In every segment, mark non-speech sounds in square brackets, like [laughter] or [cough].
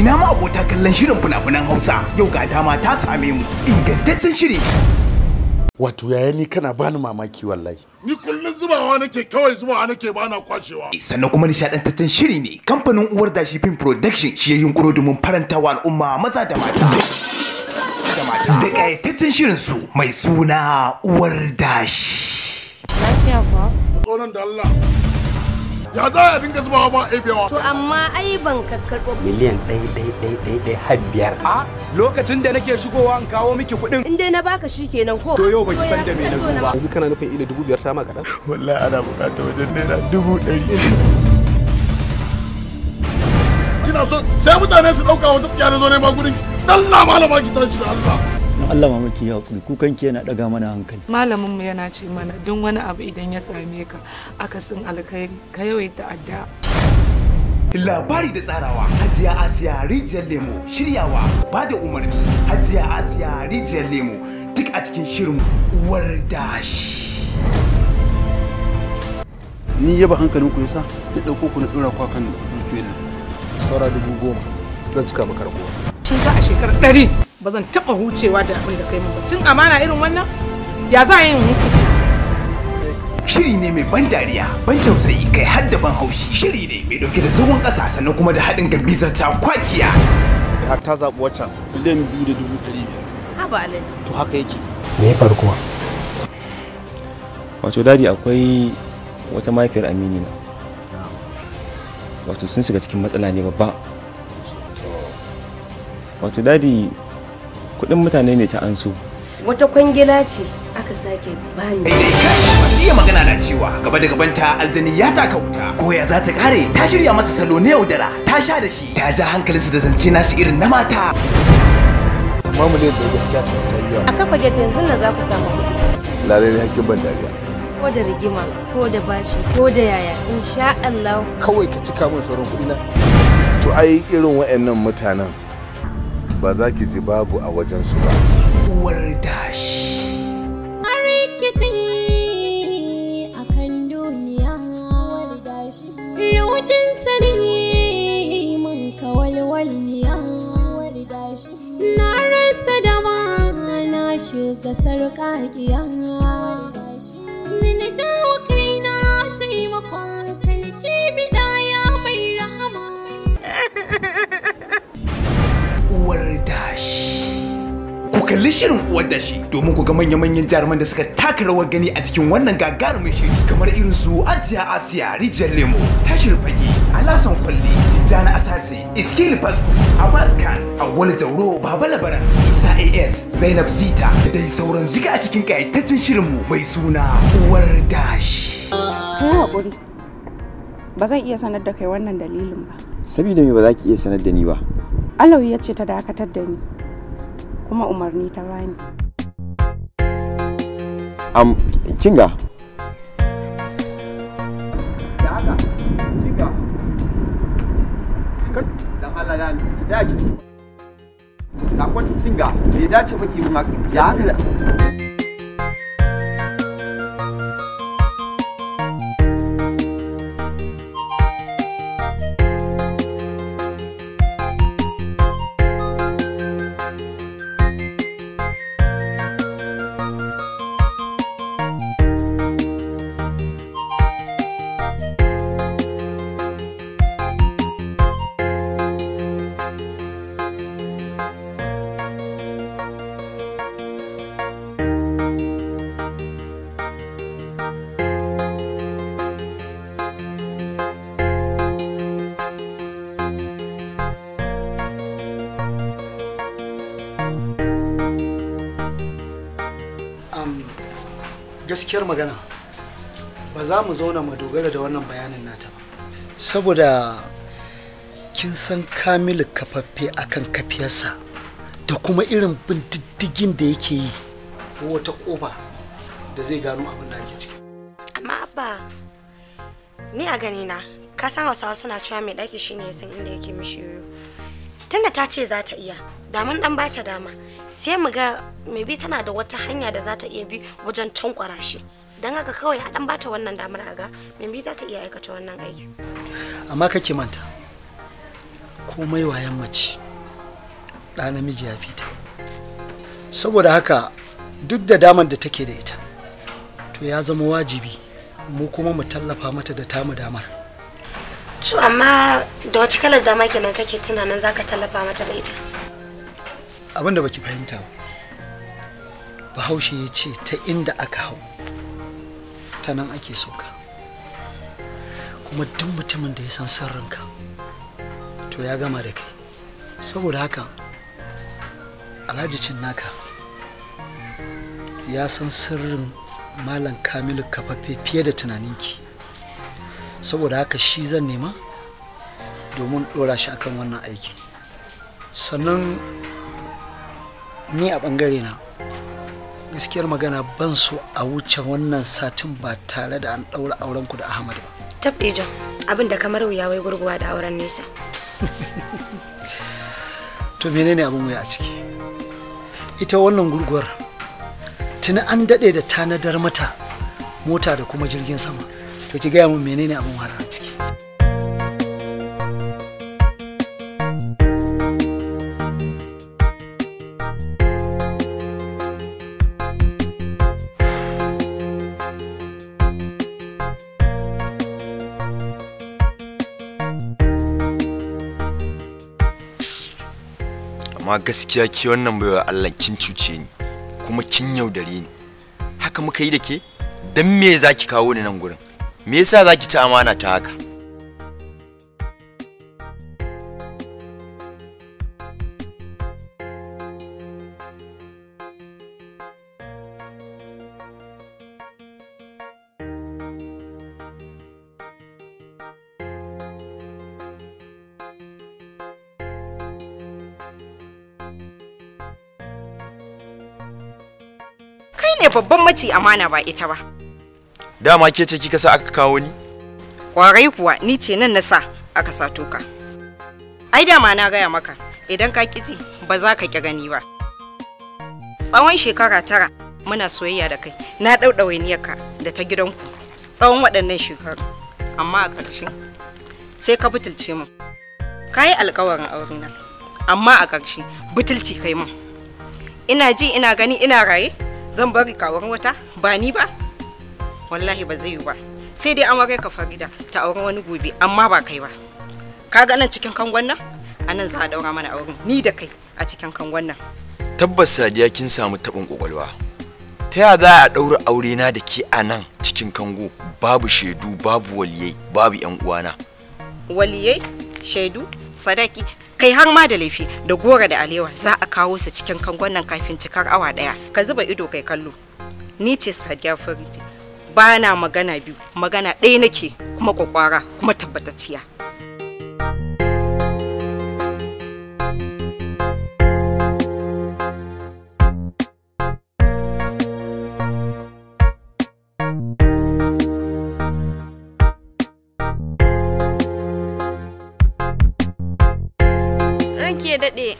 ina ma abota kallon shirin fina-finan hausa yau ga dama ta same mu ingantaccen shiri wato yaya ni kana bani mamaki wallahi ni kullum zubawa nake kawai zubawa nake bana kwashewa eh, sannan kuma nishadantaccen shiri ne kamfanin uwar dashi film production shi ya yunkuro domin farantawa al'umma maza da mata da mata da kayataccen shirin su mai suna uwar dashi lafiya kuwa tsoron da Allah ya za a dinga zubawa ma aibewa to amma ai ban kakkarɓo miliyan ɗai ɗai ɗai ɗai ɗai har biyar a lokacin da nake shigowa in kawo miki kuɗin in dai na baka shi kenan ko to yau baki san da me na zo ba yanzu kana nufin ila dubu biyar ta ma kaɗan wallahi ana buƙatar wajen naira dubu ɗari ina so sai mutane su ɗauka wata tsiyana zo ne ma gurin dan la malama ki tashi da Allah Allah ma ya hakuri kukan ki yana daga mana hankali malamin mu yana ce mana duk wani abu idan ya same ka akasin alkhairi ka yawaita adda Labari da tsarawa Hajiya Asiya Rijiyar Lemo shiryawa ba da umarni Hajiya Asiya Rijiyar Lemo duk a cikin shirin uwar dashi. Ni yaba hankalin ku yasa na dauko ku na dora ku kan dukiyoyin. Saura dubu goma don cika maka shi za a shekarar ɗari ba zan taɓa hucewa da abin da kai mun ba cin amana irin wannan ya za a yin hukunci shiri ne mai ban dariya ban tausayi kai har da ban haushi shiri ne mai dauke da zagon ƙasa sannan kuma da haɗin gambizar ta kwakiya har ta zaɓi waccan miliyan biyu da dubu ɗari haba alaji to haka yake me ya faru kuma wato dadi akwai wata mahaifiyar amini na wato sun shiga cikin matsala ne babba wato dadi kuɗin mutane ne ta ansu wata kwangila ce aka sake bani iya magana da cewa gaba da gabanta aljani ya taka wuta goya za ta kare ta shirya masa salo na yaudara ta sha da shi ta ja hankalinsa da zance nasu irin na mata mamule da gaskiya ta tayya a kafa gate yanzu na za ku samu lare ne hakkin ban dariya ko da rigima ko da bashi ko da yaya insha Allah kawai ka cika min tsoron kudi na to ai irin waɗannan mutanen ba za ki ji babu a wajensu ba. Uwar dashi. Rikici a kan duniya. Uwar dashi. Rudin ta ne mun kawalwalniya. Uwar dashi. Na rasa dama na shiga sarƙaƙiya. kalli shirin uwar da shi domin ku ga manya-manyan jaruman da suka taka rawar gani a cikin wannan gagarumin shiri kamar irin su Ajiya Asiya, Rijiyar Lemo, Tashir Fage, Alasan Kwalli, Tijjani Asase, Iskili Fasco, Abbas Khan, Awwal Jauro, Baba Labaran, Isa AS, Zainab Zita da dai sauran zika a cikin kayataccen mu mai suna uwar da shi. ba zan iya sanar da kai wannan dalilin ba. Sabida me ba za ki iya sanar da ni ba? Alawi ya ce ta dakatar da ni. kuma umarni ta bani am kinga da haka kinga kan dan Allah da ni sai a ji sakon kinga bai dace ba ki yi haka ya haka gaskiyar magana ba za mu zauna mu dogara da wannan bayanin nata ba saboda kin san kamilu kafaffe akan kafiyarsa da kuma irin bin diddigin da yake yi ko wata kofa da zai gano abin da ake ciki amma abba ni a ganina ka san hausawa suna cewa mai ɗaki shine san inda yake mishi yoyo tunda ta ce za ta iya daman dan bata dama sai mu ga maybe tana da wata hanya da za ta iya bi wajen tankwara shi don haka kawai a dan bata wannan damar a ga maybe za ta iya aikata wannan aiki amma kake manta komai wayan mace ɗa namiji ya fita saboda haka duk da damar da take da ita to ya zama wajibi mu kuma mu tallafa mata da tamu damar To amma da wace kalar dama kenan kake tunanin zaka tallafa mata da ita? Abin da baki fahimta ba. Bahaushe ya ce ta inda aka hau ta nan ake sauka. Kuma duk mutumin da ya san ka to ya gama da kai. Saboda haka Alhaji cin naka ya san sirrin Malam Kamilu kafaffe fiye da tunaninki. saboda haka shi zan nema domin ɗora shi akan wannan aiki sannan ni a bangare na gaskiyar magana ban so a wuce wannan satin ba tare da an ɗaura aurenku da ahmad ba tabɗeja abin da kamar wuya wai gurguwa da auren nesa [laughs] to menene abin wuya a ciki ita wannan gurguwar tuni an daɗe da tanadar mata mota da kuma jirgin sama to ki gaya mun menene abin wahala ciki amma gaskiya ke wannan baiwa Allah kin cuce ni kuma kin yaudare ni haka muka yi da ke dan me zaki kawo ni nan gurin me yasa za ki ci amana ta haka kai ne babban maci amana ba ita ba dama ke ce kika sa aka kawo ni kwarai kuwa ni ce nan na sa aka sato ka ai dama na gaya maka idan ka ƙiji ba za ka ƙi gani ba tsawon shekara tara muna soyayya da kai na ka da ta gidanku tsawon waɗannan shekaru amma a ƙarshe sai ka butulce mu ka yi alkawarin na amma a ƙarshe butulci kai mun ina ji ina gani ina raye zan bari kawar wata ba ni ba wallahi ba zai yi ba sai dai an amare ka farida ta auren wani gobe amma ba kai ba ka ga nan cikin kangon nan a za a daura mana auren ni da kai a cikin kangon nan tabbas sadiya kin samu tabin kwakwalwa ta ya za a daura aure na da ke a nan cikin kango babu shaidu babu waliyai babu yan uwana waliyai shaidu sadaki kai har ma da laifi da gora da alewa za a kawo su cikin kangon nan kafin cikar awa daya ka zuba ido kai kallo ni ce sadiya ciki. ba na magana biyu magana ɗaya nake kuma kwakwara kuma tabbatacciya ranki ya daɗe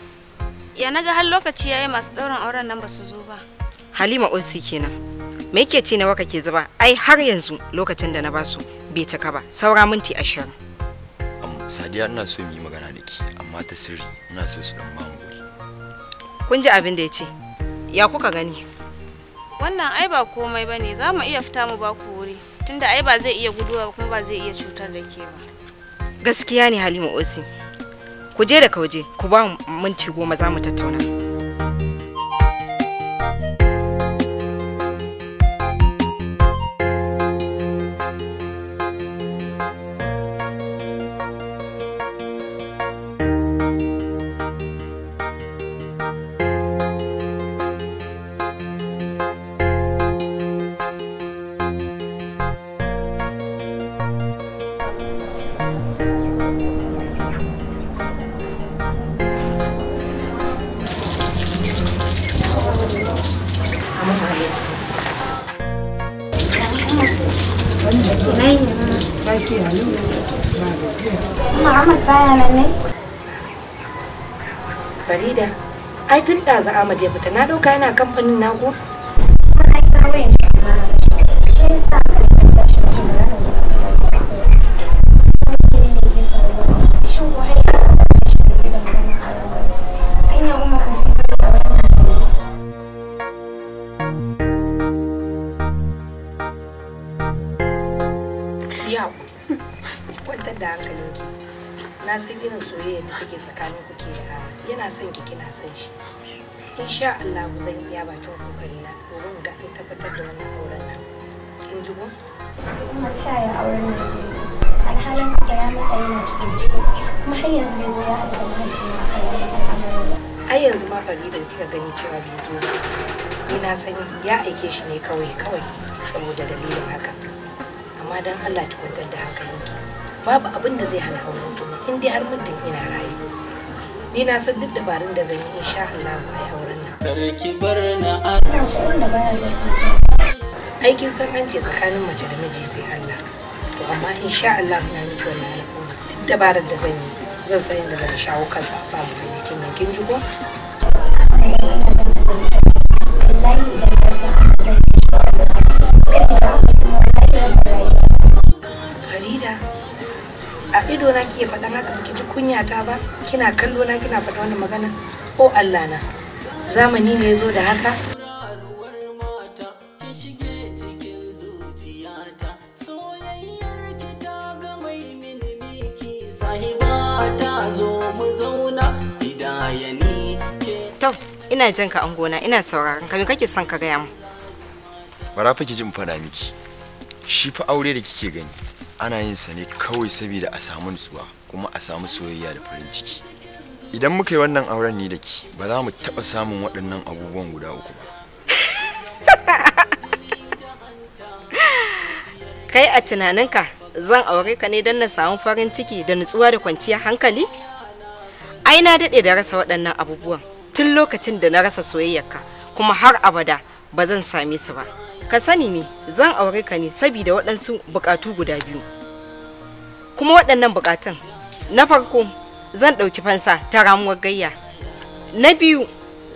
ga naga har lokaci yayi masu ɗaurin auren nan ba su zo ba halima osi kenan me yake ci waka ke zuba ai har yanzu lokacin da na basu bai cika ba saura minti ashirin sadiya ina so mu yi magana da ke amma ta sirri ina so su dan mamu kun ji abin da ya ce ya kuka gani wannan ai ba komai ba ne za mu iya fita mu ba ku wuri tunda ai ba zai iya guduwa kuma ba zai iya cutar da ke ba gaskiya ne halima osi ku je da kauje ku ba minti goma za mu tattauna Farida, ai tun ɗazu Ahmad ya fita na ɗauka yana kamfanin naku? insha Allah zan iya batun kokari na wurin ga ta tabbatar da wannan auren nan kin ji ba kuma ta yi auren shi zo halin da ya matsa yana cikin ciki kuma har yanzu bai zo ya haɗu da mahaifina a ai yanzu ma Farida kika gani cewa bai zo ba ni na sani ya aike shi ne kawai kawai saboda dalilin haka amma dan Allah ki kwantar da hankalinki babu abin da zai hana auren ki in dai har muddin ina raye ni na san duk dabarun da zan yi insha Allah ba ya karki bar na aikin sakanci tsakanin mace da miji sai Allah to amma insha Allah na mutu wannan alƙawari duk dabarar da zan yi zan san yadda zan shawo kansa a samu kayyakin nan kin ji ko Farida, a ido na ke faɗa haka ba ki ji kunya ta ba kina kallo na kina faɗa wannan magana ko Allah na zamani ne zo da haka Tau, ina jin ka gona ina sauraron ka me kake son ka gaya mu? Bara fa jin fada miki. Shi fa aure da kike gani ana yin sa ne kawai saboda a samu nutsuwa kuma a samu soyayya da farin ciki. idan muka yi wannan auren ni da ki ba za mu taɓa samun waɗannan abubuwan guda uku ba [laughs] kai a tunaninka zan aure ka ne don na samu farin ciki da nutsuwa da kwanciyar hankali ai na daɗe da rasa waɗannan abubuwan tun lokacin da na rasa soyayyarka kuma har abada ba zan same su ba ka sani ne zan aure ka ne saboda waɗansu buƙatu guda biyu kuma waɗannan buƙatun na farko zan ɗauki fansa ta ramuwar gayya na biyu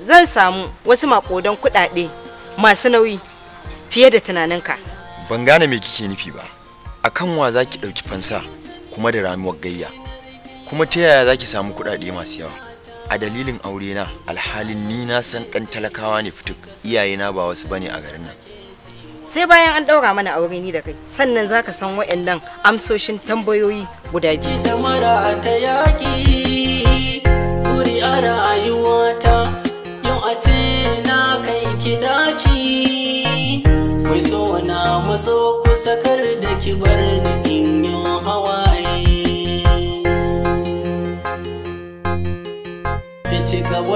zan samu wasu maƙodan kuɗaɗe masu nauyi fiye da tunaninka ban gane me kike nufi ba akan wa za ki ɗauki fansa kuma da ramuwar gayya kuma ta yaya zaki samu kuɗaɗe masu yawa a dalilin aure na alhalin ni na san ɗan talakawa ne fituk iyayena ba wasu bane a garin nan sai bayan an ɗaura mana aure ni da kai sannan za ka san waɗannan amsoshin tambayoyi guda biyu da mara ta yaƙi buri a rayuwata yau a ce na kai ki daki so na matso kusa kar da ki bar ni in yi hawaye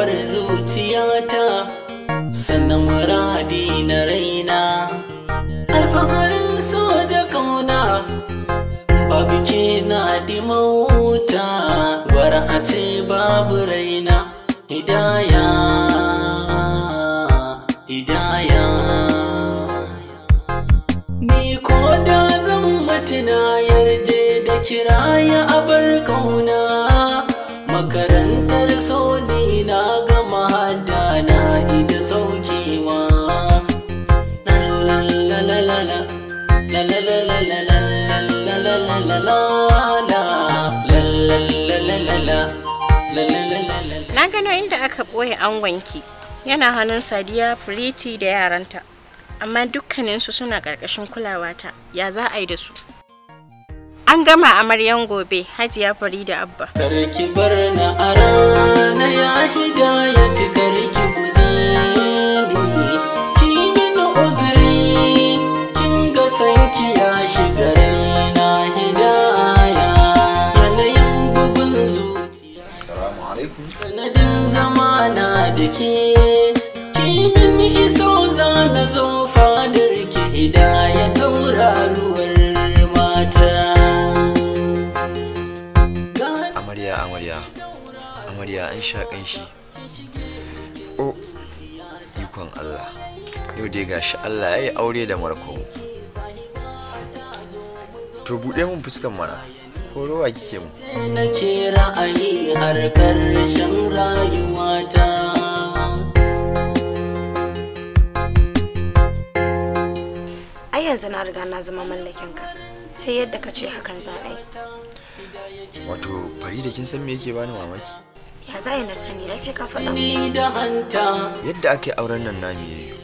da zuciyata sannan muradi na raina biki na dimauta gwara a ce babu raina hidaya hidaya ni ko da zan mutu yarje da kiraya a bar kauna makarantar so ni na gama hada na ita saukewa la la Na gano inda aka ɓoye angonki yana hannun Sadiya, Firiti da yaranta, amma dukkaninsu suna ƙarƙashin kulawata, ya za a yi da su. An gama a Maryam gobe, Hajiya Farida Abba. Karki bar a rana ya karki alaikum sanadin zamana da ke kimin iso za na zo fadar ki ya taura ruwan mata amarya amarya amarya an sha kanshi oh ikon allah yau dai gashi allah ya yi aure da marko to buɗe mun fuskan mana ko ruwa kike mu nake ra'ayi har karshen ai yanzu na riga na zama mallakin ka sai yadda ka ce hakan za a yi wato da kin san me yake bani mamaki ya za na sani ai sai ka faɗa yadda aka yi auren nan nami yayi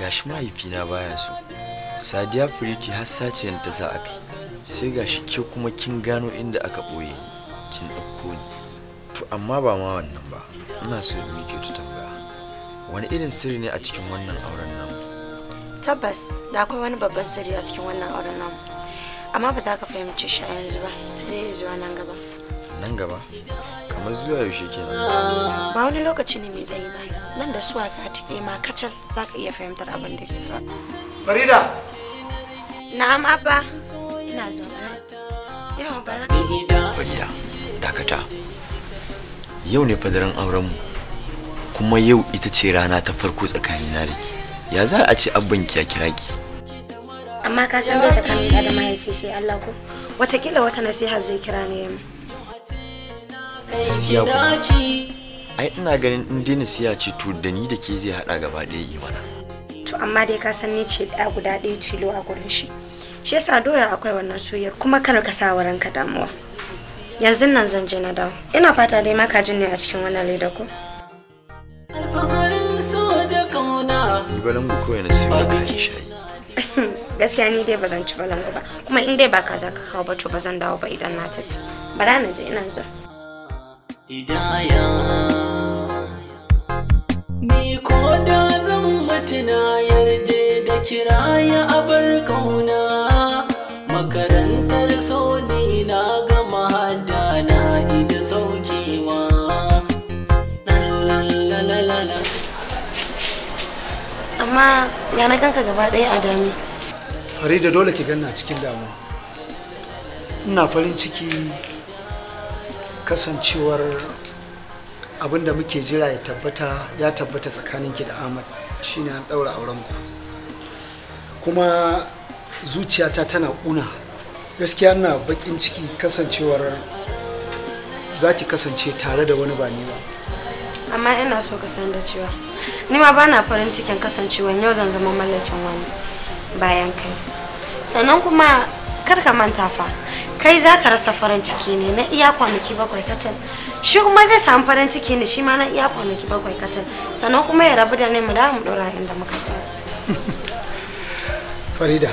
gashi mahaifina baya so sadiya firiti har saciyar ta za a kai sai ga shi ke kuma kin gano inda aka ɓoye kin ɗauko ni to amma ba ma wannan ba ina so in miki ta tambaya wani irin sirri ne a cikin wannan auren nan tabbas da akwai wani babban sirri a cikin wannan auren nan amma ba za ka fahimci shi a yanzu ba sai dai zuwa nan gaba nan gaba kamar zuwa yaushe kenan ba wani lokaci ne mai zai ba nan da suwa sati ɗaya ma kacal za ka iya fahimtar abin da ke faru farida na'am abba ina yau ne fadaran auren mu kuma yau ita ce rana ta farko tsakanina da ke ya za a ce abban ki ya kira ki amma ka san bai tsakanin da mahaifi sai Allah ko watakila wata nasiha zai kira ne yamma gaskiya ko ai ina ganin in dai siya ce to da ni da ke zai haɗa gaba ɗaya imana to amma dai ka san ni ce ɗaya guda ɗaya tilo a gurin shi shi yasa doyar akwai wannan soyayyar kuma kar ka sa wurin ka damuwa yanzu nan zan je na dawo ina fata dai maka jin ne a cikin wannan leda ko balangu na siyo shayi [laughs] gaskiya ni dai bazan ci balangu ba kuma in dai ba kaza ka kawo ba to bazan dawo ba idan na tafi bara na je ina zuwa idaya ni ko da zan mutuna yarje kira ya abar kauna makarantar so na gama hada na ita saukewa amma ya na kanka gaba ɗaya a dami farida dole ki ganna cikin damu, ina farin ciki kasancewar abin da muke jira ya tabbata ya tabbata tsakaninki da ahmad shine an ɗaura ku. kuma zuciyata tana una gaskiya na bakin ciki kasancewar za ki kasance tare da wani ba ni ba amma ina so ka san da cewa ni ma bana farin cikin kasancewa yau zan zama mallakin wani bayan kai sannan kuma kar ka manta fa kai za ka rasa farin ciki ne na iya kwanaki bakwai kacin shi kuma zai samu farin ciki ne shi ma na iya kwanaki bakwai kacin sannan kuma ya rabu da ni mu da mu dora inda muka tsaya [laughs] farida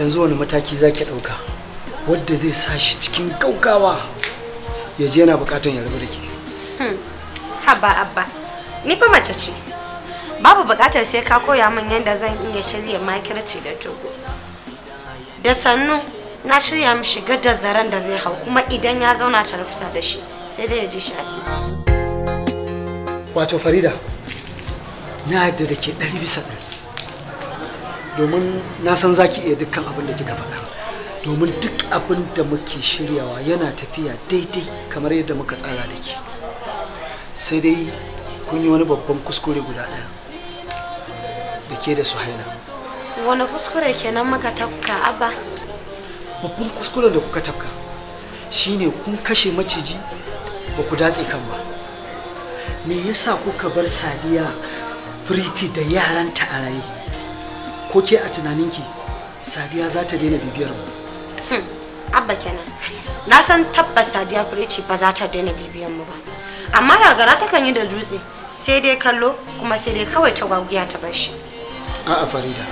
yanzu wani mataki za ki ɗauka wadda zai sa shi cikin gaugawa ya je yana bukatun ya rabu da ke hmm. haba abba ni fa mace ce babu bukatar sai ka koya min yadda zan iya shirya makirci da togo da sannu na shirya mi shiga da zaren da zai hau kuma idan ya zauna ta rufta da shi sai dai ya ji shi a titi wato farida na yadda da ke ɗari bisa ɗari domin na san za ki iya dukkan abin da kika faɗa domin duk abin da muke shiryawa yana tafiya daidai kamar yadda muka tsara da ke sai dai kun yi wani babban kuskure guda ɗaya da ke da suhaila wani kuskure kenan muka tafka abba babban kuskuren da kuka tafka shine kun kashe maciji ba ku datse kan ba me yasa kuka bar sadiya priti da yaranta a raye ko ke a tunaninki sadiya za ta daina bibiyar mu hmm, abba kenan na san tabbas sadiya ce ba za ta daina bibiyar mu ba amma gagara kan yi da dutse sai dai kallo kuma sai dai kawai ta gwaguya ta bar shi a'a farida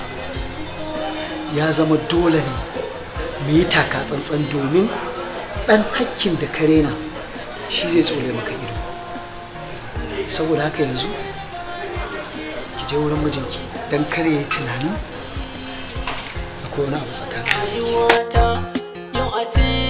ya zama dole ne mu yi taka tsantsan domin ɗan hakkin da ka rena shi zai tsole maka ido saboda haka yanzu ki je wurin mijinki don kare tunanin akwai wani abu tsakanin